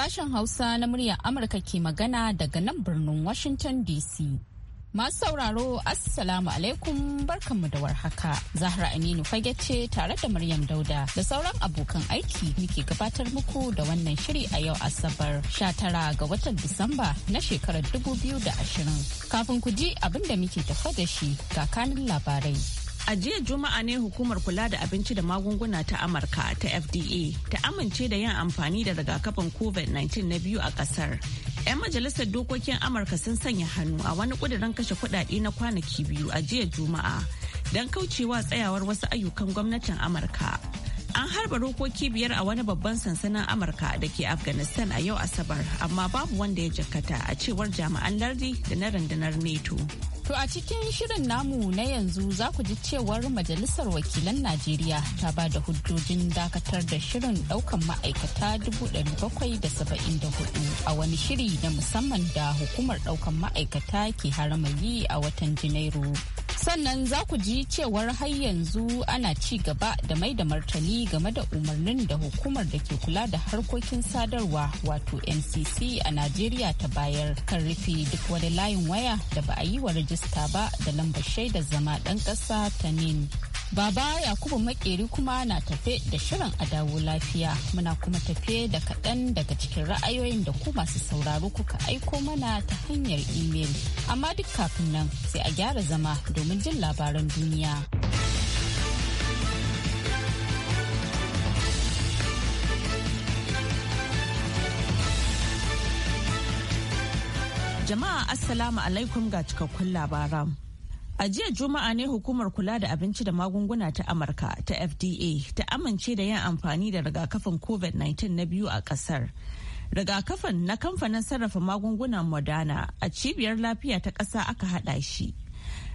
Sashen Hausa na muryar Amurka ke magana daga nan birnin Washington DC. Masu sauraro Assalamu alaikum barkanmu da warhaka. Zahra Aminu fage ce tare da Maryam Dauda da sauran abokan aiki muke gabatar muku da wannan shiri a yau Asabar 19 ga watan Disamba na shekarar 2020. Kafin ku ji abin da muke tafa da shi ga kanin labarai. A jiya Juma'a ne hukumar kula da abinci da magunguna ta Amurka ta FDA ta amince da yin amfani da rigakafin COVID-19 na biyu a kasar. 'Yan majalisar dokokin Amurka sun sanya hannu a wani kudirin kashe kudade na kwanaki biyu a jiya Juma'a don kaucewa tsayawar wasu ayyukan gwamnatin Amurka. an harba rokoki biyar a wani babban sansanin amurka da ke afghanistan a yau asabar amma babu wanda ya jakata a cewar jami'an lardi da na rundunar neto To a cikin shirin namu na yanzu za ku ji cewar Majalisar Wakilan Najeriya ta ba da hujjojin dakatar da shirin daukan ma'aikata 774 a wani shiri na musamman da hukumar daukan ma'aikata ke harama yi a watan Janairu. sannan za ku ji cewar har yanzu ana ci gaba da mai da martani game da umarnin da hukumar da ke kula da harkokin sadarwa wato ncc a najeriya ta bayar kan rufe duk wani layin waya da ba a yi wa rajista ba da lambar shaidar zama ɗan ƙasa ta nin Baba Yakubu Makeri kuma na tafe da shirin a dawo lafiya muna kuma tafe da kaɗan daga cikin ra'ayoyin da ku masu sauraro kuka aiko mana ta hanyar imel. Amma duk kafin nan sai a gyara zama domin jin labaran duniya. Jama'a Assalamu alaikum ga cikakkun labaran. A jiya Juma'a ne hukumar kula da abinci da magunguna ta Amurka ta FDA ta amince da yin amfani da rigakafin COVID-19 na biyu a kasar. Rigakafin na kamfanin sarrafa magungunan Moderna a cibiyar lafiya ta ƙasa aka haɗa shi.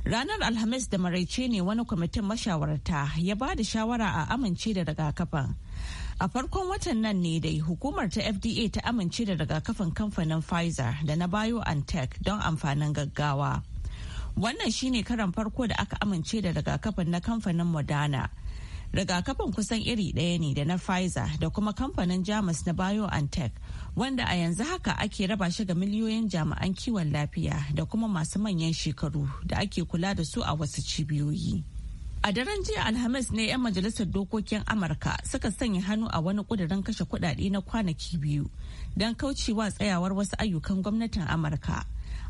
Ranar Alhamis da maraice ne wani kwamitin mashawarta ya ba da shawara a amince da rigakafin. A farkon watan nan ne dai hukumar ta FDA ta amince da rigakafin kamfanin Pfizer da na BioNTech don amfanin gaggawa. Wannan shine karan farko da aka amince da rigakafin na kamfanin Moderna. rigakafin kusan iri ɗaya ne da na Pfizer da kuma kamfanin Jamus na BioNTech wanda a yanzu haka ake raba shi ga miliyoyin jami'an kiwon lafiya da kuma masu manyan shekaru da ake kula da su a wasu cibiyoyi. A daren jiya Alhamis ne 'yan majalisar dokokin Amurka suka sanya hannu a wani kudirin kashe kudade na kwanaki biyu don kaucewa tsayawar wasu ayyukan gwamnatin Amurka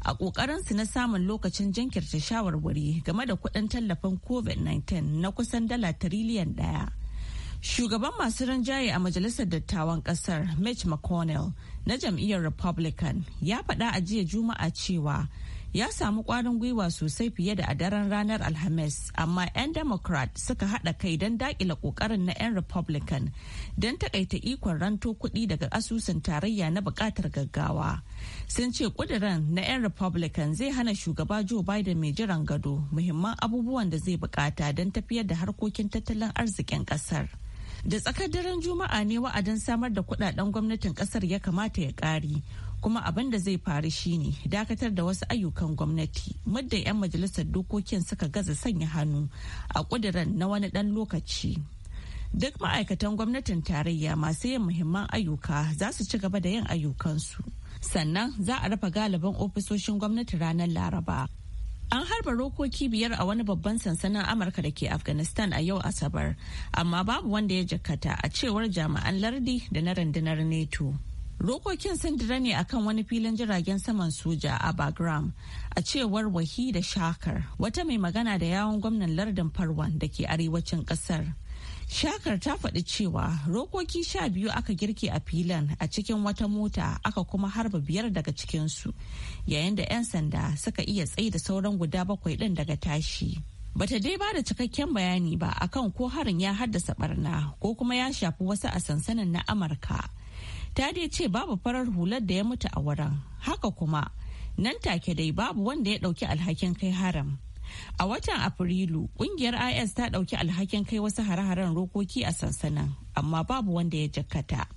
a ƙoƙarinsu na samun lokacin jinkirta shawarwari game da kuɗin tallafin covid-19 na kusan dala tiriliyan ɗaya. Shugaban masu rinjaye a Majalisar Dattawan Ƙasar Mitch McConnell na jam'iyyar Republican ya faɗa a jiya Juma'a cewa ya samu kwarin gwiwa sosai fiye da a daren ranar alhamis amma 'yan democrat suka haɗa kai don dakila ƙoƙarin na 'yan republican don takaita ikon ranto kuɗi daga asusun tarayya na buƙatar gaggawa sun ce ƙudiran na 'yan republican zai hana shugaba joe biden mai jiran gado muhimman abubuwan da zai buƙata don tafiyar da harkokin tattalin arzikin ƙasar da tsakar daren juma'a ne wa'adin samar da kudaden gwamnatin kasar ya kamata ya kare kuma abin da zai faru shine dakatar da wasu ayyukan gwamnati muddin 'yan majalisar dokokin suka gaza sanya hannu a kudirin na wani dan lokaci duk ma'aikatan gwamnatin tarayya masu yin muhimman ayyuka za su ci gaba da yin ayyukansu sannan za a rufe galibin ofisoshin gwamnati ranar laraba An harba rokoki biyar a wani babban sansanin Amurka da ke Afghanistan a yau Asabar, amma babu wanda ya jakata a cewar jami'an lardi da na rundunar NATO. Rokokin sun ne akan wani filin jiragen saman soja a Bagram, a cewar Wahida Shakar, wata mai magana da yawon gwamnan lardin Farwan da ke arewacin kasar. Shakar ta faɗi cewa rokoki sha biyu aka girke a filin a cikin wata mota aka kuma harba biyar daga cikinsu, yayin da 'yan sanda suka iya da sauran guda bakwai ɗin daga tashi. bata dai ba da cikakken bayani ba akan ko harin ya haddasa barna ko kuma ya shafi wasu a sansanin na amurka ta dai ce babu farar hular da ya mutu a wurin haka kuma nan take dai babu wanda ya dauki alhakin kai haram a watan afrilu kungiyar is ta dauki alhakin kai wasu hare-haren rokoki a sansanin amma babu wanda ya jakkata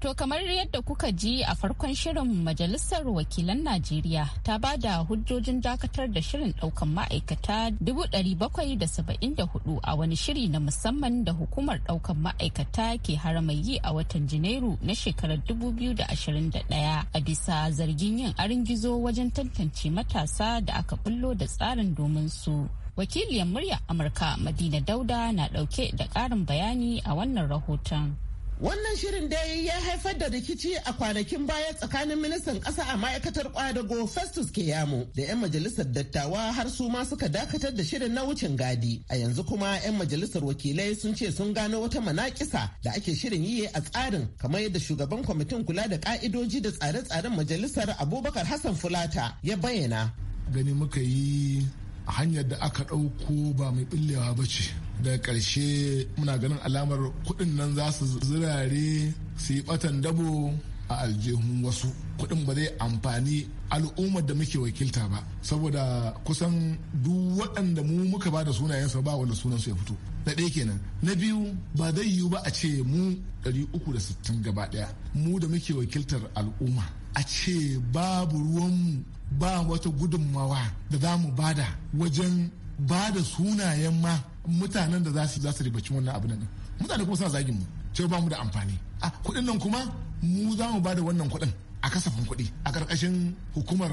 To kamar yadda kuka ji a farkon shirin Majalisar Wakilan Najeriya ta ba da hujjojin dakatar da shirin ɗaukan ma'aikata 774 a wani shiri na musamman da hukumar ɗaukan ma'aikata ke haramai yi a watan Janairu na shekarar 2021 a bisa zargin yin arin gizo wajen tantance matasa da aka bullo da tsarin domin su. Wakiliyar murya Amurka Madina Dauda na ɗauke da ƙarin bayani a wannan rahoton. Wannan shirin dai ya haifar da rikici a kwanakin baya tsakanin ministan ƙasa a ma'aikatar kwadago Festus Keyamo da 'yan majalisar dattawa har su ma suka dakatar da shirin na wucin gadi. A yanzu kuma 'yan majalisar wakilai sun ce sun gano wata manaƙisa da ake shirin yi a tsarin kamar yadda shugaban kwamitin kula da ka'idoji da tsare-tsaren majalisar Abubakar Hassan Fulata ya bayyana. Gani muka yi hanyar da aka ɗauko ba mai ɓillewa ba ce. da ƙarshe muna ganin alamar kuɗin nan za su zirare su yi batan dabo a aljihun wasu kuɗin ba zai amfani al'ummar da muke wakilta ba saboda kusan duk waɗanda mu muka ba da sunayensa ba wanda sunansu ya fito na ɗaya kenan na biyu ba zai yiwu ba a ce mu 360 gaba ɗaya mu da muke wakiltar al'umma a ce babu ruwanmu ba wata gudunmawa da za mu bada wajen ba da sunayen ma mutanen da za su za su ribaci wannan abu nan mutane kuma suna zagin mu cewa ba mu da amfani a kuɗin nan kuma mu za mu ba da wannan kuɗin a kasafin kuɗi a ƙarƙashin hukumar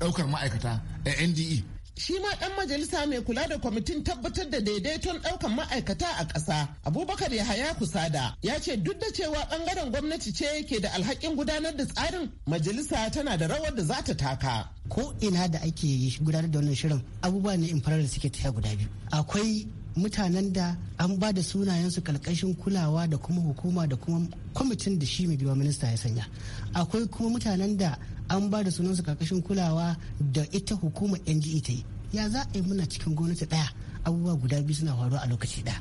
ɗaukar ma'aikata a eh, NDE shi ma ɗan majalisa mai kula da kwamitin tabbatar da daidaiton ɗaukar ma'aikata a ƙasa abubakar yahaya kusada ya ce duk da cewa ɓangaren gwamnati ce ke da alhakin gudanar da tsarin majalisa tana da rawar da za ta taka ko ina da ake gudanar da wannan shirin abubuwa ne in farar da suke taya guda biyu akwai mutanen da an ba da sunayensu kalkashin kulawa da kuma hukuma da kuma kwamitin da shi mai biwa minista ya sanya akwai kuma mutanen da an ba da sunansu karkashin kulawa da ita hukumar ngi e ta yi ya za a yi muna cikin gwamnati daya abubuwa guda biyu suna faruwa a lokaci daya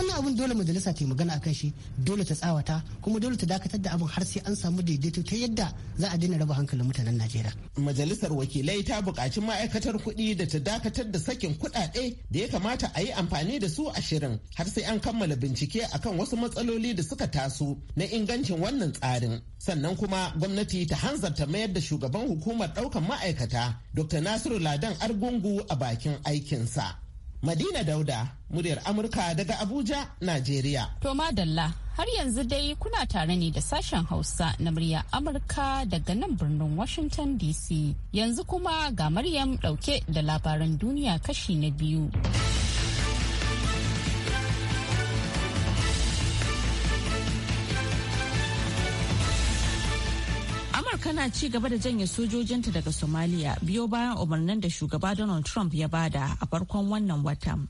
wannan abun dole majalisa ta yi magana akan shi dole ta tsawata kuma dole ta dakatar da abin har sai an samu daidaito ta yadda za a daina raba hankalin mutanen najeriya majalisar wakilai ta buƙaci ma'aikatar kuɗi da ta dakatar da sakin kuɗaɗe da ya kamata a yi amfani da su a shirin har sai an kammala bincike akan wasu matsaloli da suka taso na ingancin wannan tsarin sannan kuma gwamnati ta hanzarta mayar da shugaban hukumar ɗaukan ma'aikata dr nasiru ladan argungu a bakin aikinsa Madina Dauda, muryar Amurka daga Abuja, Najeriya. To Madalla, har yanzu dai kuna tare ne da sashen Hausa na muryar Amurka daga nan birnin Washington DC. Yanzu kuma ga Maryam ɗauke da labaran duniya kashi na biyu. tana ci gaba da janye sojojinta daga Somalia biyo bayan umarnin da shugaba Donald Trump ya bada a farkon wannan watan.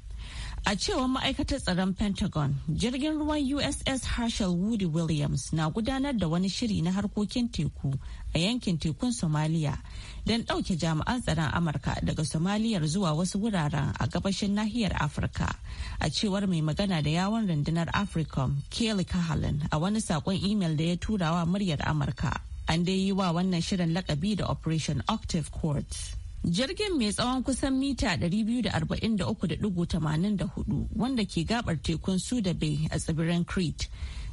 A cewar ma'aikatar tsaron Pentagon, jirgin ruwan USS Herschel Woody Williams na gudanar da wani shiri na harkokin teku a yankin tekun Somalia don ɗauke jami'an tsaron Amurka daga Somaliyar zuwa wasu wuraren a gabashin nahiyar Afirka. A cewar mai magana da yawon rundunar Africom, Kelly kahalin a wani saƙon imel da ya turawa muryar Amurka. An dai yi wa wannan shirin lakabi da Operation Octave court Jirgin mai tsawon kusan mita 243.84 wanda ke gabar tekun Suda Bay a tsibirin Crete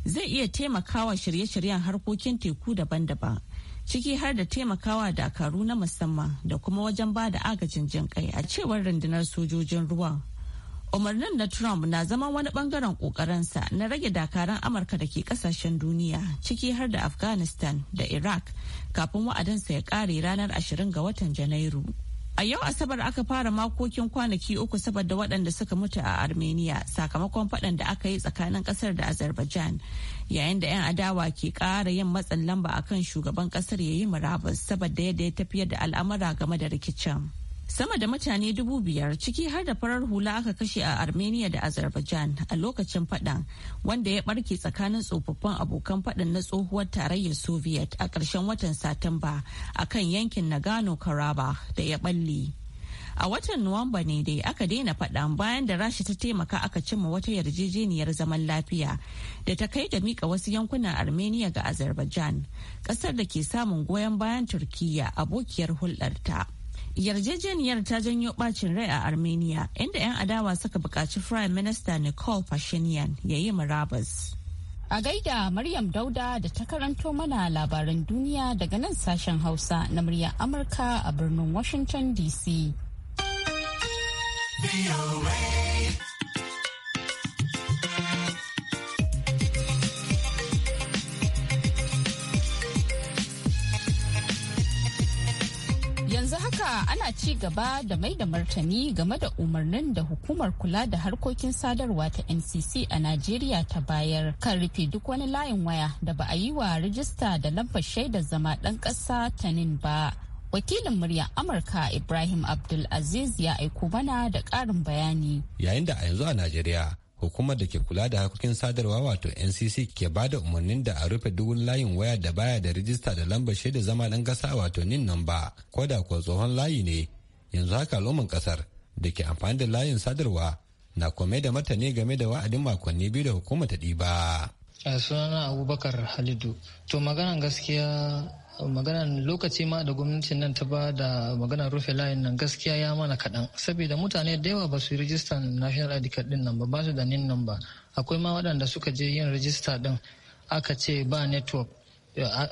zai iya taimakawa shirye-shiryen harkokin teku daban-daban ciki har da taimakawa dakaru na musamman da kuma wajen ba da agajin jinkai a cewar rundunar sojojin ruwa. umarnin na trump na zama wani bangaren kokarinsa na rage dakaran amurka da ke kasashen duniya ciki har da afghanistan da iraq kafin wa'adinsa ya kare ranar 20 ga watan janairu a yau asabar aka fara makokin kwanaki uku saboda waɗanda suka mutu a armenia sakamakon faɗan da aka yi tsakanin ƙasar da azerbaijan yayin da 'yan adawa ke ƙara yin matsin lamba akan shugaban ƙasar ya yi murabus saboda yadda ya tafiyar da al'amura game da rikicin Sama da mutane dubu biyar ciki har da farar hula aka kashe a Armenia da Azerbaijan a lokacin faɗan wanda ya barke tsakanin tsofaffin abokan faɗan na tsohuwar tarayyar Soviet a ƙarshen watan Satumba a kan yankin Nagano-Karabakh da ya ɓalle. A watan Nuwamba ne dai aka daina fadan bayan da Rashi ta taimaka aka cimma wata yarjejeniyar zaman lafiya da ta kai da mika wasu yankunan Armenia ga Azerbaijan, ƙasar da ke samun goyon bayan Turkiyya abokiyar hulɗarta. yarjejeniyar ta janyo bacin rai a armenia inda 'yan adawa suka buƙaci prime minister nicole pashinyan ya yi marabas a gaida maryam dauda da ta karanto mana labaran duniya daga nan sashen hausa na muryar amurka a birnin washington dc ana ci gaba da mai da martani game da umarnin da hukumar kula da harkokin sadarwa ta ncc a najeriya ta bayar kan rufe duk wani layin waya da ba a yi wa rijista da lambar shaidar zama ɗan ƙasa ta nin ba wakilin murya amurka ibrahim abdulaziz ya aiko mana da ƙarin bayani yayin da a yanzu a najeriya hukumar da ke kula da harkokin sadarwa wato ncc ke ba da umarnin da a rufe duk layin waya da baya da rijista da lambar shaida zama dan kasa wato nin nan ba ko da kuwa tsohon layi ne yanzu haka al'umman kasar da ke amfani da layin sadarwa na kome da martani game da wa'adin makonni biyu da hukumar ta ɗiba. sunana abubakar halidu to maganan gaskiya maganan lokaci ma da gwamnatin nan ta ba da maganar rufe layin nan gaskiya ya mana kaɗan saboda mutane da yawa ba su yi rijistar national id card din nan ba ba su da nin nan ba akwai ma waɗanda suka je yin rijista din aka ce ba network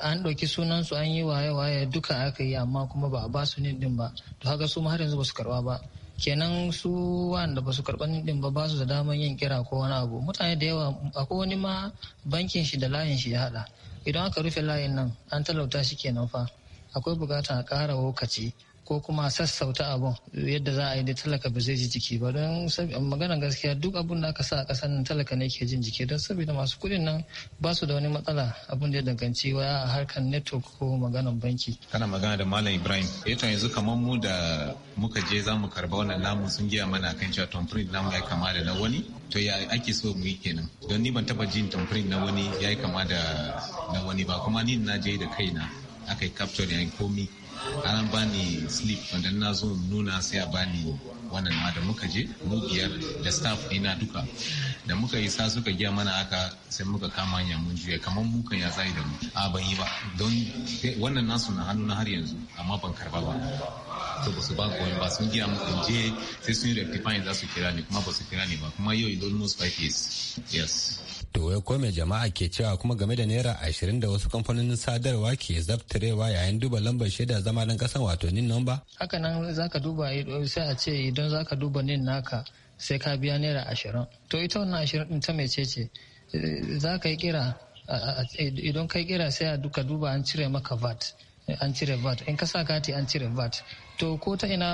an ɗauki sunansu an yi waye-waye duka aka yi amma kuma ba a ba su nin din ba to haka su ma har yanzu ba su karɓa ba kenan su wanda ba su karɓar din ba ba su da damar yin kira ko wani abu mutane da yawa akwai wani ma bankin shi da layin shi ya haɗa idan aka rufe layin nan an talauta shi kenan fa akwai buƙatan a ƙara lokaci ko kuma sassauta abun yadda za a yi da talaka ba zai ji jiki ba don magana gaskiya duk abun da aka sa a kasar nan talaka ne ke jin jiki don saboda masu kuɗin nan ba su da wani matsala abun da ya danganci waya a harkar network ko maganan banki. kana magana da malam ibrahim eto eh yanzu kamar mu da muka je za mu karba wannan namu sun giya mana kan cewa tamfirin namu ya kama da na wani to ya ake so mu yi kenan don ni ban taba jin tamfirin na wani ya yi kama da na wani ba kuma ni na je da kaina aka yi capture ya komi an bani slip wanda na zo nuna sai a bani wannan ma da muka je mu biyar da staff dina duka da muka isa suka giya mana aka sai muka kama hanya mun juya kamar mu kan ya tsaye da mu a ban yi ba don wannan nasu na hannu na har yanzu amma ban karba ba to ba su ba ko ba sun gina kan je sai sun yi rectifying za su kira ni kuma ba su kira ni ba kuma yau is almost five years yes to wai ko mai jama'a ke cewa kuma game da naira ashirin da wasu kamfanonin sadarwa ke zaftarewa yayin duba lambar shaida zama dan kasan wato nin ba haka nan zaka duba eh, sai a ce idan za ka duba nin naka sai ka biya naira ashirin to ita wannan ashirin ɗin ta mecece za ka yi kira idan kai kira sai ka duba an cire maka vat an cire vat in ka sa kati an cire vat to ko ta ina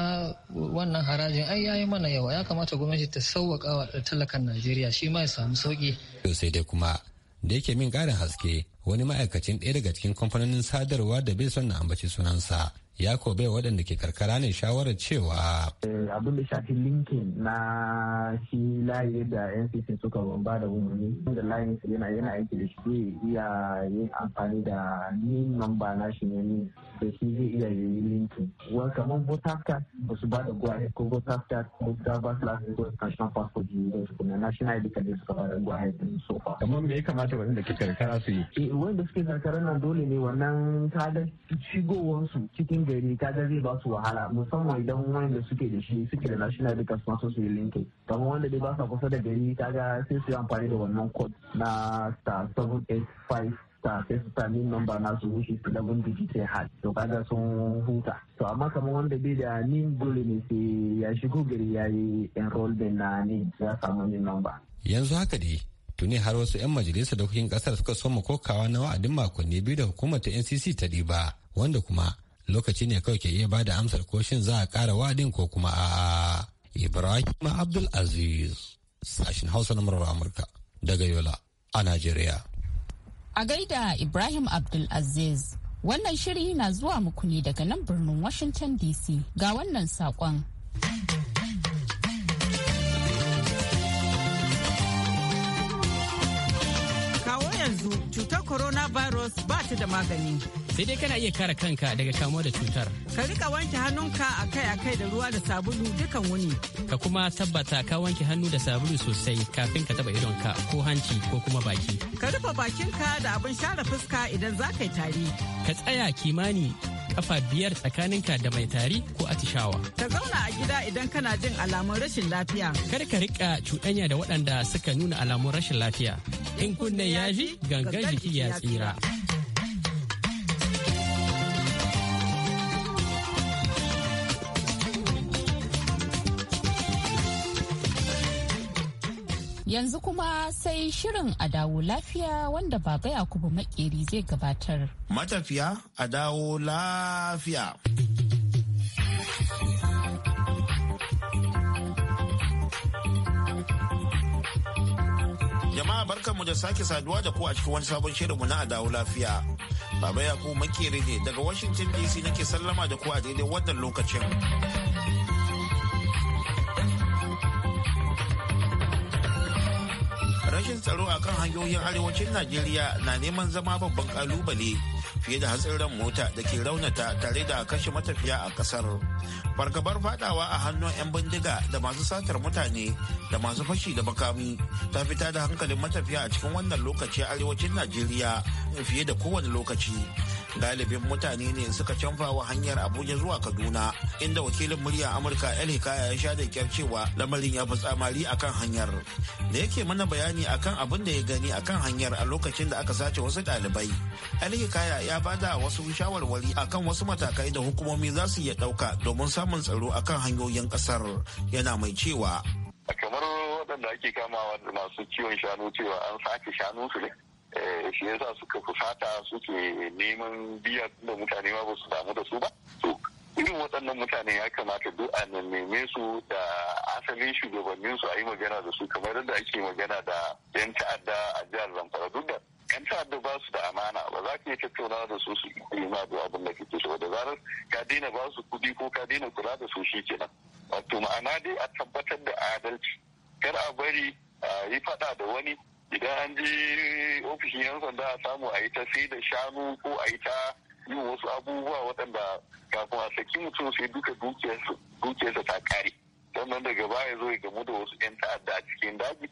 wannan harajin ai yayi mana yawa ya kamata gwamnati ta sauwaka wa talakan najeriya shi ma ya samu sauki sai dai kuma da yake min karin haske wani ma'aikacin ɗaya daga cikin kamfanonin sadarwa da bai son na ambaci sunansa ya kobe waɗanda ke karkara ne shawarar cewa eh, abin da shafi linkin na shi layi da ncc suka bamba da umarni da layin yana yana aiki da shi zai iya yin amfani da ni namba na shi ne ni da shi zai iya yi linkin wa kamar botafta ba su ba da gwaya ko botafta ko driver's license ko national passport ji da su kuma national id card suka ba da gwaya din so far kamar me ya kamata waɗanda ke karkara su yi eh, wanda suke karkara nan dole ne wannan shigowar shigowansu cikin cikin gari kaga zai ba su wahala musamman idan wanda suke da shi suke da national duka su masu su yi linki kamar wanda dai ba sa kusa da gari kaga sai su yi amfani da wannan code na star 785 ta sai su sami number na su wuce su labin digit hard to kaga sun huta to amma kamar wanda bai da nin dole ne sai ya shigo gari ya yi enrollment na ne ya samu nin number yanzu haka dai tuni har wasu 'yan majalisar dokokin kasar suka soma kokawa na wa'adin makonni biyu da hukumar ta ncc ta diba wanda kuma lokaci ne kawai ke iya ba da amsar ko shin za a ƙara wadin ko kuma a Ibrahim Abdul Aziz sashin Hausa na murar Amurka daga Yola a Najeriya. A gaida Ibrahim Abdul Aziz wannan shiri na zuwa muku ne daga nan birnin Washington DC ga wannan saƙon. coronavirus ba ta da magani. Sai dai kana iya kare kanka daga kamuwa da cutar. Ka rika wanke hannunka akai-akai da ruwa da sabulu dukan wuni. Ka kuma tabbata ka wanke hannu da sabulu sosai kafin ka taba ka, ko hanci ko kuma baki. Ka rufe bakinka da abin share fuska idan za ka yi tari. Ka tsaya kimani kafa biyar tsakaninka da mai tari ko atishawa. Ka zauna a gida idan kana jin alamun rashin lafiya. Kar ka rika cuɗanya da waɗanda suka nuna alamun rashin lafiya. In kunne ya ji gangan jiki ya tsira. Yanzu kuma sai shirin a dawo lafiya wanda Baba Yakubu Makeri zai gabatar. Matafiya a dawo lafiya. Jama'a barkanmu da sake saduwa da ku a cikin wani sabon shirinmu na a dawo lafiya. Baba Yakubu Makeri ne daga Washington DC nake sallama da ku a daidai wannan lokacin. rashin tsaro a kan hanyoyin arewacin najeriya na neman zama babban kalubale fiye da hatsarin mota da ke raunata tare da kashe matafiya a kasar fargabar fadawa a hannun 'yan bindiga da masu satar mutane da masu fashi da makami ta fita da hankalin matafiya a cikin wannan lokaci a arewacin najeriya fiye da kowane lokaci galibin mutane ne suka canfa wa hanyar abuja zuwa kaduna inda wakilin murya amurka el hikaya ya sha da kyar cewa lamarin ya fi tsamari akan hanyar da yake mana bayani akan abin da ya gani akan hanyar a lokacin da aka sace wasu ɗalibai el hikaya ya bada wasu shawarwari akan wasu matakai da hukumomi za su iya ɗauka domin samun tsaro akan hanyoyin ƙasar yana mai cewa kamar waɗanda ake kamawa masu ciwon shanu cewa an sace shanunsu ne Eh, shi yasa suka fusata suke neman biya da mutane ma ba su damu da su ba to irin waɗannan mutane ya kamata duk a neme su da asalin shugabannin su a yi magana da su kamar yadda ake magana da yan ta'adda a jihar zamfara duk da yan ta'adda ba su da amana ba za ka iya tattaunawa da su su yi ma da abin da kake so da zarar ka daina ba su kuɗi ko ka daina kula da su shi kenan wato ma'ana dai a tabbatar da adalci kar a bari a yi faɗa da wani idan an je ofishin yan sanda a samu a yi ta sai da shanu ko a yi ta yin wasu abubuwa waɗanda kafin a saki mutum sai duka dukiyarsa ta kare sannan daga baya zo ya gamu da wasu 'yan ta'adda a cikin daji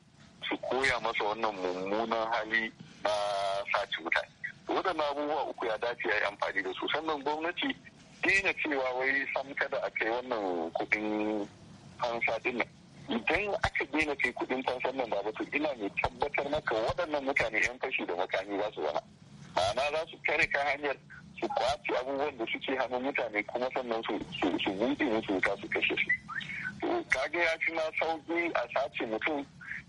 su koya masa wannan mummunan hali na sace mutane waɗannan abubuwa uku ya dace ya yi amfani da su sannan gwamnati na cewa wai sam kada a kai wannan kuɗin fansa dinnan idan aka daina kai kudin fansan nan da to ina mai tabbatar maka waɗannan mutane yan fashi da makami za su zama ma'ana za su kare ka hanyar su kwace abubuwan da suke hannu mutane kuma sannan su buɗe musu wuta su kashe su kage ya fi ma sauki a sace mutum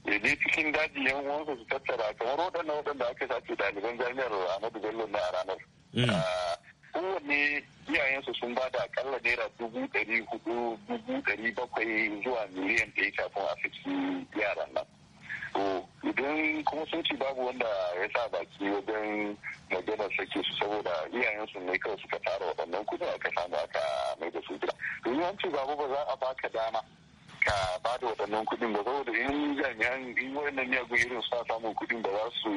ya je cikin daji yan uwansa su tattara kamar waɗannan waɗanda aka sace ɗaliban jami'ar Ahmadu Bello na a ranar mm. ah, kowane iyayensu sun ba da akalla naira dubu ɗari hudu dubu ɗari bakwai zuwa miliyan ɗaya kafin a fiti yaran nan to idan kuma sun ci babu wanda ya sa baki wajen magana sake su saboda iyayensu ne kawai suka tara waɗannan kuɗi aka samu aka mai da su gida to yawanci babu ba za a baka dama ka ba da waɗannan kuɗin ba saboda in jami'an in waɗannan miyagun irin suna samun kuɗin ba za su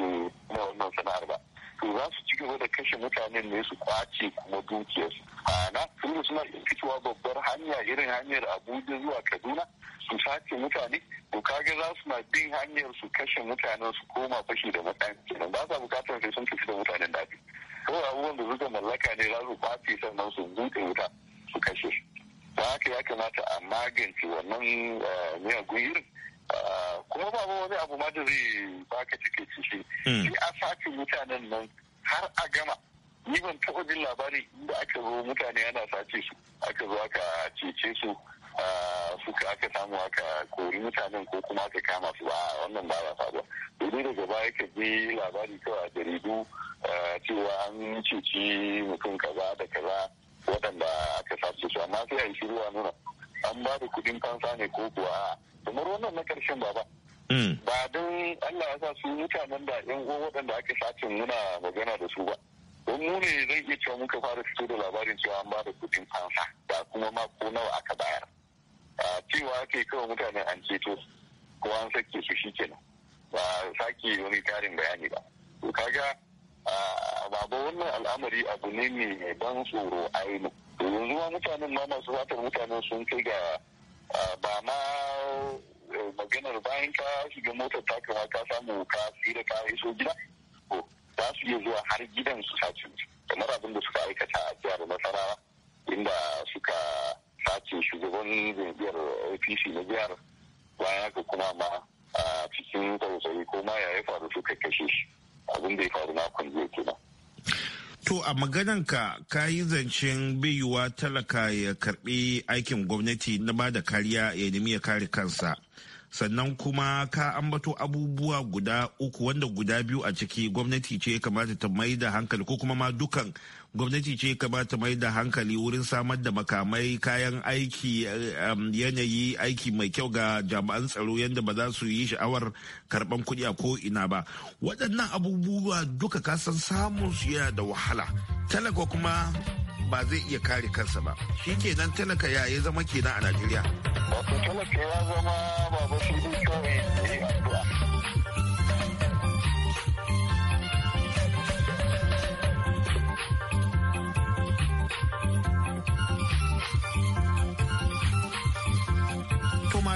na wannan sana'ar ba to za su ci gaba da kashe mutanen ne su kwace kuma dukiyarsu ana tunda suna fitowa babbar hanya irin hanyar abuja zuwa kaduna su sace mutane to kaga za su na bin hanyar su kashe mutanen su koma fashi da mutane kenan ba sa bukatar sai sun tafi da mutanen daji kawai abubuwan da suka mallaka ne za su kwace sannan su buɗe wuta su kashe ba haka ya kamata a magance wannan eh, miyagun irin Ah, kuma ba wani abu ma da zai baka cike cike sai a sace mutanen nan har a gama ni ban taɓa jin labari inda aka zo mutane ana sace su aka zo aka cece su ah, suka aka samu aka kori mutanen ko kuma aka kama su ba ah, wannan ba ba faruwa domin daga baya ka je labari kawai a jaridu cewa an ceci mutum kaza da kaza waɗanda aka sace su amma sai a yi shiru a nuna an ba da kuɗin fansa ne ko kuwa kamar wannan na ƙarshen ba ba. Hmm. Ba don Allah ya sa su mutanen da 'yan uwa waɗanda aka sace muna magana da su ba. Don mu ne zai iya cewa muka fara fito da labarin cewa an ba da kuɗin fansa da kuma ma ko nawa aka bayar. Cewa ake kawai mutane an ceto ko an sake su shi kenan. Ba sake wani karin bayani ba. To kaga babu wannan al'amari abu ne mai ban tsoro ainihin. to yanzu ma mutanen ma masu watar mutanen sun kai ga ba ma eh, maganar bayan ka shiga motar ta kama ka samu ka da ka iso gida ko za su iya zuwa har gidan su sace kamar abin da suka aikata a jihar nasarawa inda suka sace shugaban jam'iyyar apc na jihar bayan haka kuma ma a cikin tsautsayi ko ma ya faru suka kashe shi abin da ya faru na kwanje kenan To a maganan ka ka yi zancen biyuwa talaka ya karbi aikin gwamnati na ba da kariya ya nemi ya kare kansa. Sannan kuma ka ambato abubuwa guda uku wanda guda biyu a ciki gwamnati ce ya kamata ta mai da hankali ko kuma ma dukan gwamnati ce kamata mai da hankali wurin samar da makamai kayan aiki um, yanayi aiki mai kyau ga jami'an tsaro yadda ba za su yi sha'awar karban kuɗi a ko ina ba waɗannan abubuwa duka kasan samun su yana da wahala talaka kuma ba zai iya kare kansa ba shi kenan talaka ya yi zama kenan a najeriya wato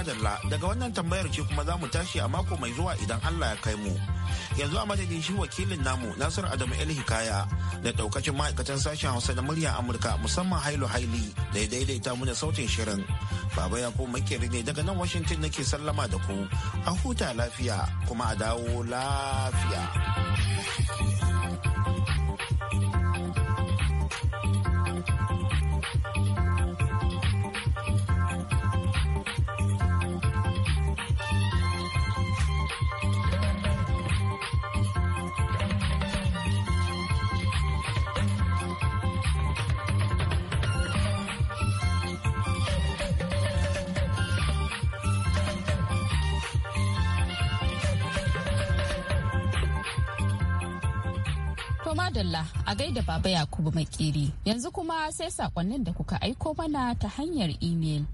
madalla daga wannan tambayar ce kuma za mu tashi a mako mai zuwa idan Allah ya kai mu. Yanzu a madadin shi wakilin namu Nasir Adamu El Hikaya da daukacin ma'aikatan sashen Hausa da murya Amurka musamman Hailu Haili da ya daidaita mu da sautin shirin. Baba ya ko makeri ne daga nan Washington nake sallama da ku. A huta lafiya kuma a dawo lafiya. To madalla a gaida baba Yakubu makeri yanzu kuma sai sakonnin da kuka aiko mana ta hanyar imel.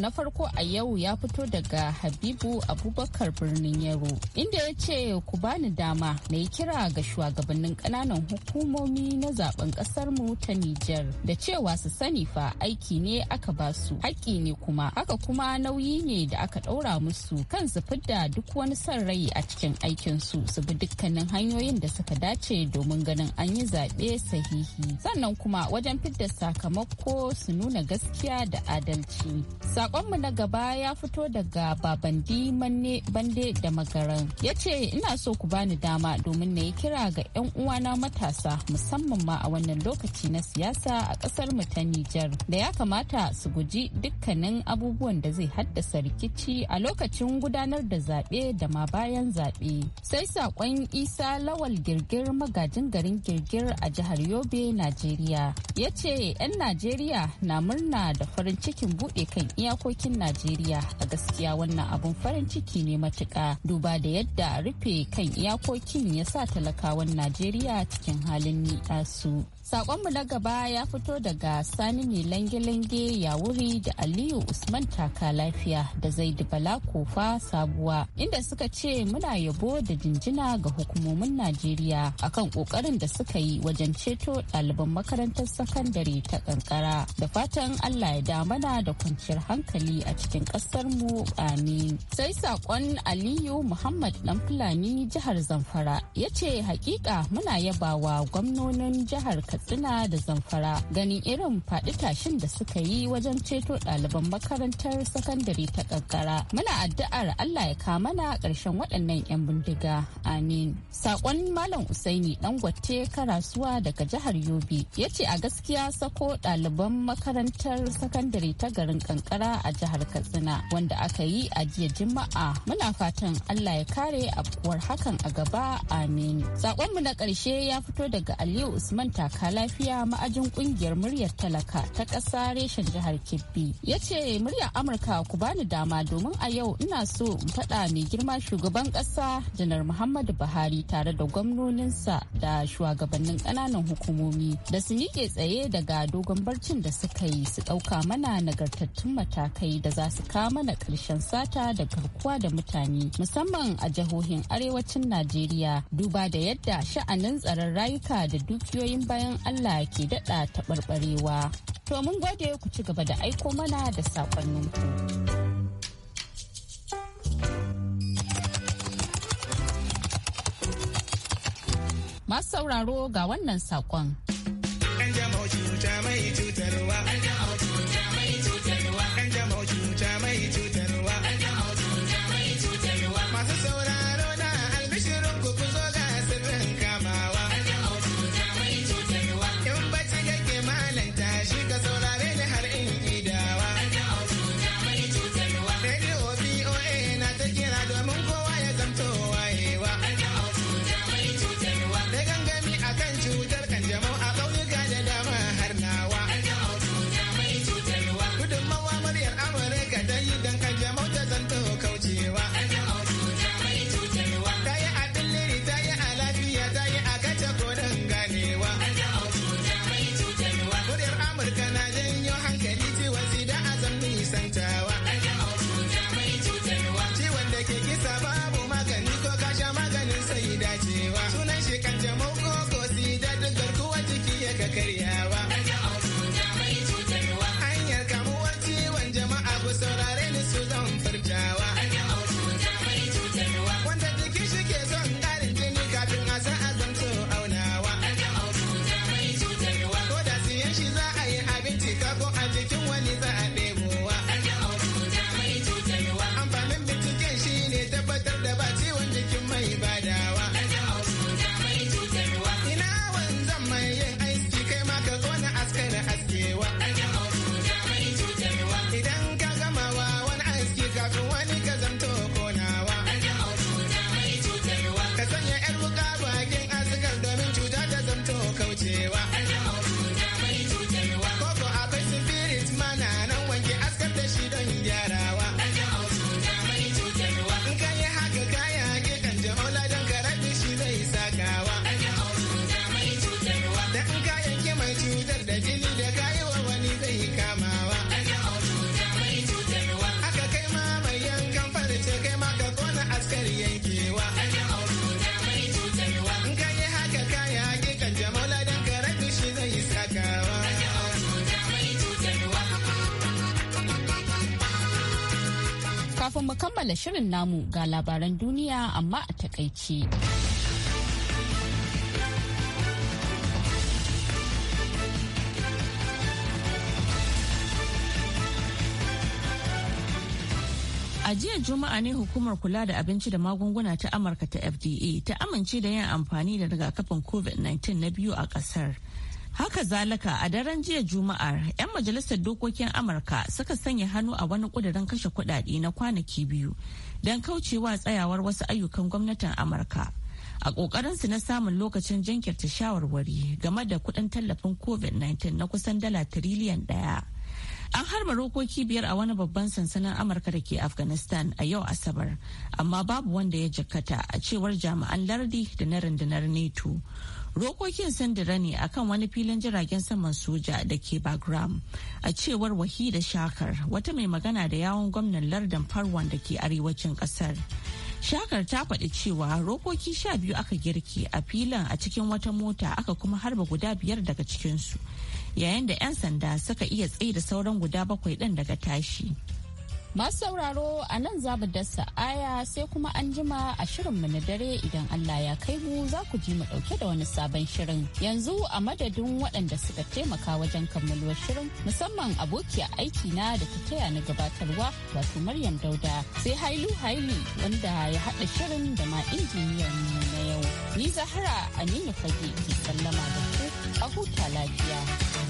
na farko a yau ya fito daga Habibu Abubakar birnin Yaro, inda ya ce ku bani dama na yi kira ga shugabannin kananan hukumomi na zaben mu ta Nijar da cewa su sani fa aiki ne aka ba su haƙƙi ne kuma, haka kuma nauyi ne da aka ɗaura musu kan su fidda duk wani son rai a cikin aikinsu su bi dukkanin hanyoyin da suka dace domin ganin an yi zaɓe sahihi. Sannan kuma wajen fidda sakamako su nuna gaskiya da adalci. Sakonmu na gaba ya fito daga Babandi Manne Bande da Magaran. Ya ce ina so ku bani dama domin na yi kira ga 'yan uwana matasa musamman ma a wannan lokaci na siyasa a kasar mu ta Nijar da ya kamata su guji dukkanin abubuwan da zai haddasa rikici a lokacin gudanar da zaɓe da ma bayan zaɓe. Sai sakon Isa Lawal Girgir magajin garin Girgir a jihar Yobe, Najeriya. Ya ce 'yan Najeriya na murna da farin cikin buɗe kan iya. iyakokin Najeriya a gaskiya wannan abun farin ciki ne matuƙa duba da yadda rufe kan iyakokin ya sa talakawan Najeriya cikin halin ni'asu. Sakonmu na gaba ya fito daga Sani mai lange-lange ya wuri da Aliyu Usman taka lafiya da Zaidu Bala Kofa sabuwa inda suka ce muna yabo da jinjina ga hukumomin Najeriya akan kokarin da suka yi wajen ceto ɗaliban makarantar sakandare ta kankara da fatan Allah ya damana da kwanciyar hankali a cikin ƙasar mu amin. Sai sakon Aliyu Muhammad dan Fulani jihar Zamfara ya ce hakika muna yabawa gwamnonin jihar katsina da zamfara ganin irin faɗi tashin da suka yi wajen ceto ɗaliban makarantar sakandare ta kankara muna addu'ar allah ya kamana ƙarshen waɗannan 'yan bindiga amin saƙon malam usaini ɗan gwate karasuwa daga jihar yobe ya ce a gaskiya sako ɗaliban makarantar sakandare ta garin kankara a jihar katsina wanda aka yi a jiya jima'a muna fatan allah ya kare abuwar hakan a gaba amin saƙonmu na ƙarshe ya fito daga aliyu usman taka Alafiya lafiya ma'ajin kungiyar muryar talaka ta ƙasa reshen jihar Kebbi. Ya ce muryar Amurka ku bani dama domin a yau ina so in faɗa mai girma shugaban ƙasa janar Muhammadu Buhari tare da gwamnoninsa da shugabannin ƙananan hukumomi da su miƙe tsaye daga dogon barcin da suka yi su ɗauka mana nagartattun matakai da za su kawo mana ƙarshen sata da garkuwa da mutane musamman a jihohin arewacin Najeriya duba da yadda sha'anin tsaron rayuka da dukiyoyin bayan Allah ke daɗa taɓarɓarewa. To mun gode ku ci gaba da aiko mana da saƙonninku. Masu sauraro ga wannan saƙon. Kafin mu kammala shirin namu ga labaran duniya amma a takaice. A jiya Juma'a ne hukumar kula da abinci da magunguna ta Amurka ta FDA ta amince da yin amfani da rigakafin COVID-19 na biyu a kasar. Haka zalika a daren jiya Juma'ar, 'yan majalisar dokokin Amurka suka sanya hannu a wani ƙudurin kashe kuɗaɗe na kwanaki biyu don kaucewa tsayawar wasu ayyukan gwamnatin Amurka. A ƙoƙarinsu na samun lokacin jinkirta shawarwari game da kuɗin tallafin COVID-19 na kusan dala tiriliyan ɗaya. An harba rokoki biyar a wani babban sansanin Amurka da ke Afghanistan a yau Asabar, amma babu wanda ya jikkata a cewar jami'an lardi da na rundunar NATO. rokokin sun ne akan wani filin jiragen saman soja da ke bagram a cewar wahida shakar wata mai magana da yawon gwamnan lardan farwan da ke arewacin kasar shakar ta faɗi cewa rokoki sha biyu aka girki a filin a cikin wata mota aka kuma harba guda biyar daga cikinsu yayin da 'yan sanda suka iya tsaye da sauran guda bakwai ɗin daga tashi Masu sauraro a nan za mu dasa aya sai kuma an jima a shirinmu na dare idan Allah ya kai mu za ku ji mu ɗauke da wani sabon shirin. Yanzu a madadin waɗanda suka taimaka wajen kammaluwar shirin musamman abokiya aiki na da ta taya na gabatarwa wato Maryam Dauda sai Hailu Haili wanda ya haɗa shirin da ma injiniyan mu na yau. Ni Zahra Aminu Fage ke sallama da ku a huta lafiya.